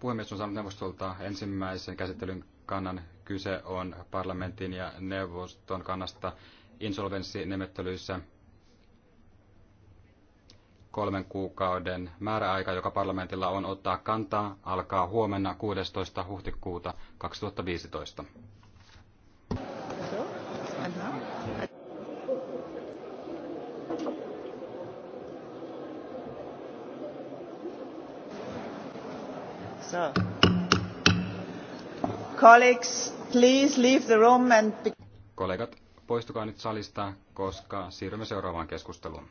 Puhemies on saanut neuvostolta ensimmäisen käsittelyn kannan. Kyse on parlamentin ja neuvoston kannasta insolvenssinemettelyissä kolmen kuukauden määräaika, joka parlamentilla on ottaa kantaa, alkaa huomenna 16. huhtikuuta 2015. Thank you. Kollegat, poistukaa nyt salista, koska siirrymme seuraavaan keskusteluun.